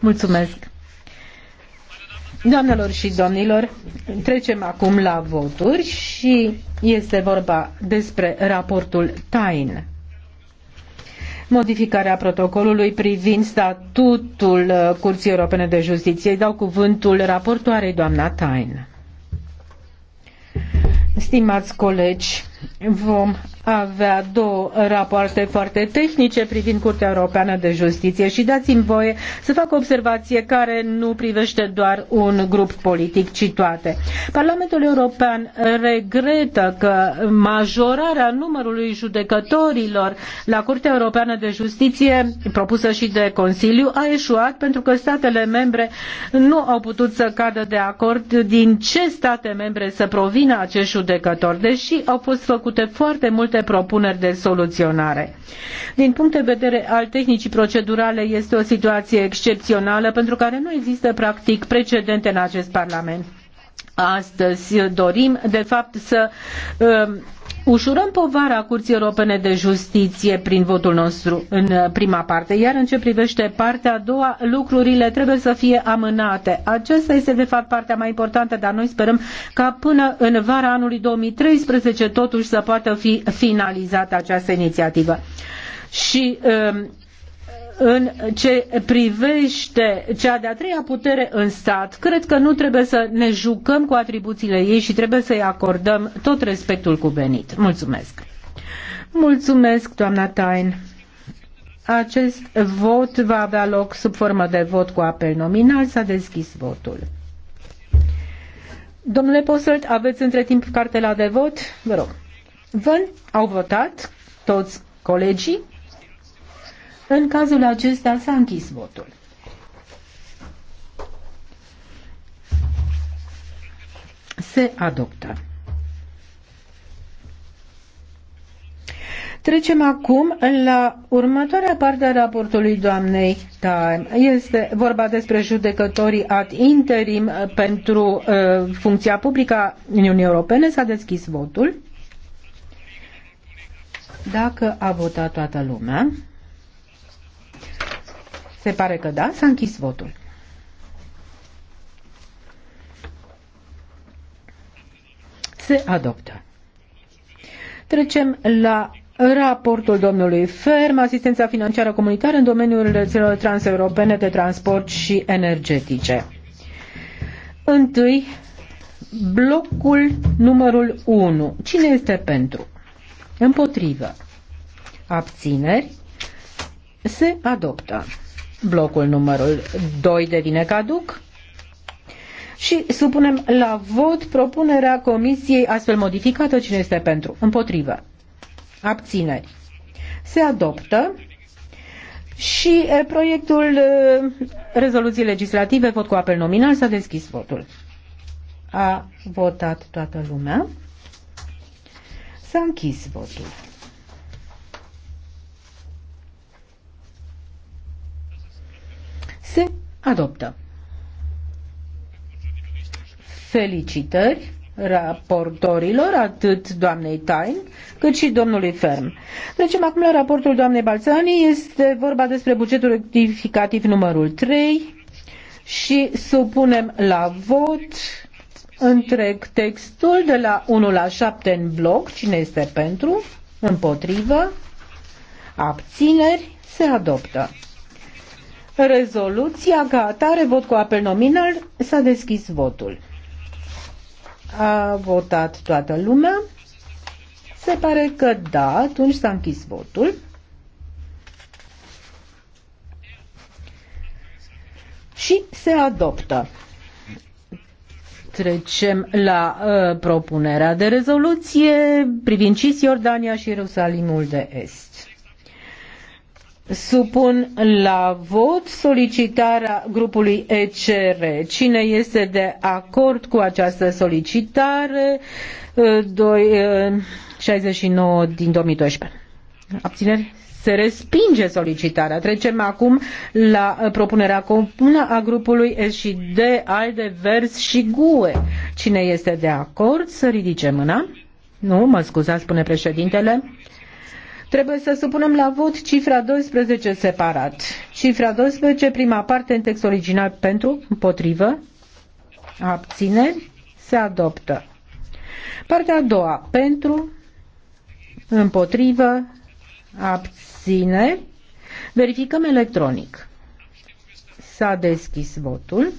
Mulțumesc. Doamnelor și domnilor, trecem acum la voturi și este vorba despre raportul TAIN. Modificarea protocolului privind statutul uh, Curții Europene de Justiție. Îi dau cuvântul raportoarei doamna TAIN. Stimați colegi, vom avea două rapoarte foarte tehnice privind Curtea Europeană de Justiție și dați-mi voie să fac o observație care nu privește doar un grup politic, ci toate. Parlamentul European regretă că majorarea numărului judecătorilor la Curtea Europeană de Justiție, propusă și de Consiliu, a eșuat pentru că statele membre nu au putut să cadă de acord din ce state membre să provină acești judecători, deși au fost făcute foarte multe propuneri de soluționare. Din punct de vedere al tehnicii procedurale, este o situație excepțională pentru care nu există practic precedente în acest Parlament. Astăzi dorim, de fapt, să um, ușurăm povara Curții Europene de Justiție prin votul nostru în uh, prima parte, iar în ce privește partea a doua, lucrurile trebuie să fie amânate. Aceasta este de fapt partea mai importantă, dar noi sperăm ca până în vara anului 2013 totuși să poată fi finalizată această inițiativă. Și um, în ce privește cea de-a treia putere în stat, cred că nu trebuie să ne jucăm cu atribuțiile ei și trebuie să-i acordăm tot respectul cuvenit. Mulțumesc! Mulțumesc, doamna Tain! Acest vot va avea loc sub formă de vot cu apel nominal. S-a deschis votul. Domnule Posălt, aveți între timp cartela de vot? Vă rog. Vă au votat toți colegii? În cazul acesta s-a închis votul. Se adoptă. Trecem acum la următoarea parte a raportului doamnei Time. Este vorba despre judecătorii ad interim pentru uh, funcția publică a Uniunii Europene. S-a deschis votul. Dacă a votat toată lumea. Se pare că da, s-a închis votul. Se adoptă. Trecem la raportul domnului Ferm, asistența financiară comunitară în domeniul rețelelor transeuropene de transport și energetice. Întâi, blocul numărul 1. Cine este pentru? Împotrivă. Abțineri. Se adoptă. Blocul numărul 2 devine caduc. Și supunem la vot propunerea comisiei astfel modificată. Cine este pentru? Împotrivă. Abțineri. Se adoptă și proiectul rezoluției legislative, vot cu apel nominal, s-a deschis votul. A votat toată lumea. S-a închis votul. se adoptă. Felicitări raportorilor, atât doamnei Tain, cât și domnului Ferm. Trecem acum la raportul doamnei Balțani. Este vorba despre bugetul rectificativ numărul 3 și supunem la vot întreg textul de la 1 la 7 în bloc. Cine este pentru? Împotrivă? Abțineri? Se adoptă. Rezoluția ca atare, vot cu apel nominal, s-a deschis votul. A votat toată lumea. Se pare că da, atunci s-a închis votul. Și se adoptă. Trecem la uh, propunerea de rezoluție privind Cisjordania și Ierusalimul de Est. Supun la vot solicitarea grupului ECR. Cine este de acord cu această solicitare? 2, uh, 69 uh, din 2012. Abțineri? Se respinge solicitarea. Trecem acum la uh, propunerea comună a grupului S și D, ALDE, VERS și GUE. Cine este de acord să ridice mâna? Nu, mă scuzați, spune președintele. Trebuie să supunem la vot cifra 12 separat. Cifra 12, prima parte în text original pentru, împotrivă, abține, se adoptă. Partea a doua, pentru, împotrivă, abține, verificăm electronic. S-a deschis votul.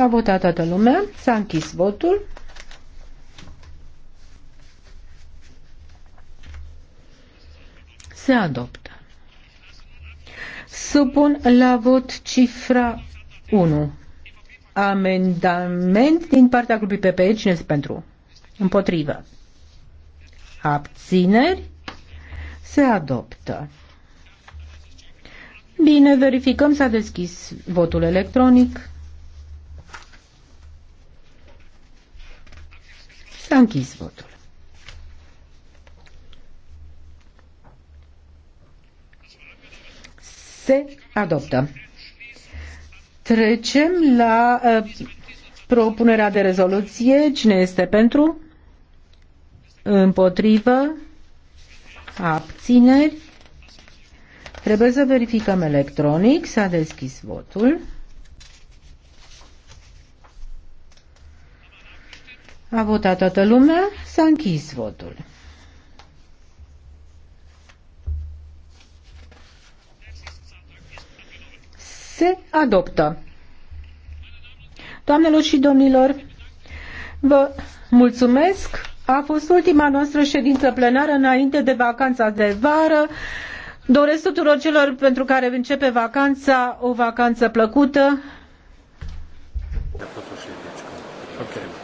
A votat toată lumea, s-a închis votul. se adoptă. Supun la vot cifra 1. Amendament din partea grupului PPE. Cine este pentru? Împotrivă. Abțineri? Se adoptă. Bine, verificăm. S-a deschis votul electronic. S-a închis votul. se adoptă. Trecem la uh, propunerea de rezoluție. Cine este pentru? Împotrivă? Abțineri? Trebuie să verificăm electronic. S-a deschis votul. A votat toată lumea, s-a închis votul. se adoptă. Doamnelor și domnilor, vă mulțumesc. A fost ultima noastră ședință plenară înainte de vacanța de vară. Doresc tuturor celor pentru care începe vacanța o vacanță plăcută. Okay.